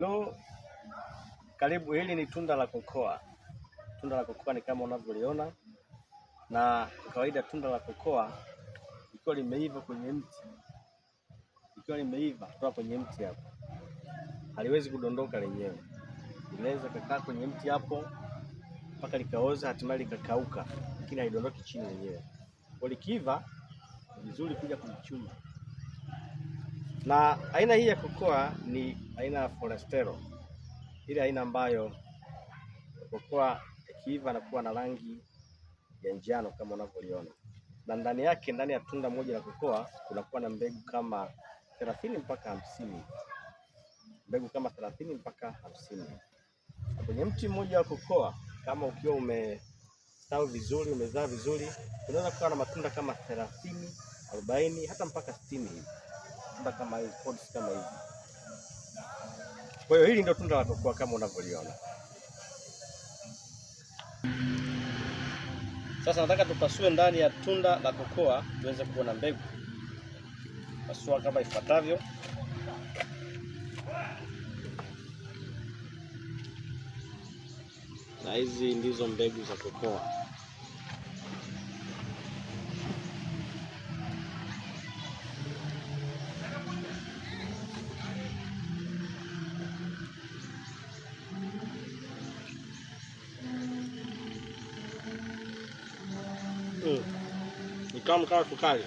Hello. Karibu, hili ni tunda la kokoa. Tunda la kokoa ni kama unavyoliona, na kawaida tunda la kokoa likiwa limeiva kwenye mti, ikiwa limeiva kutoka kwenye mti hapo, haliwezi kudondoka lenyewe, linaweza kukaa kwenye mti hapo mpaka likaoza, hatimaye likakauka, lakini halidondoki chini lenyewe. Kwa likiiva, vizuri kuja kulichuma na aina hii ya kokoa ni aina ya Forastero, ile aina ambayo kokoa ikiiva nakuwa na rangi ya njano kama unavyoiona, na ndani yake, ndani ya tunda moja la kokoa kunakuwa na mbegu kama thelathini mpaka hamsini mbegu kama thelathini mpaka hamsini kwenye mti mmoja wa kokoa. Kama ukiwa umestawi vizuri, umezaa vizuri, unaweza kuwa na matunda kama thelathini, arobaini hata mpaka sitini hivi matunda kama hizi, pods kama hizi. Kwa hiyo hili ndio tunda la tokwa kama unavyoliona. Sasa nataka tupasue ndani ya tunda la kokoa tuweze kuona mbegu. Pasua kama ifuatavyo. Na hizi ndizo mbegu za kokoa. 嗯，你刚不刚不干去？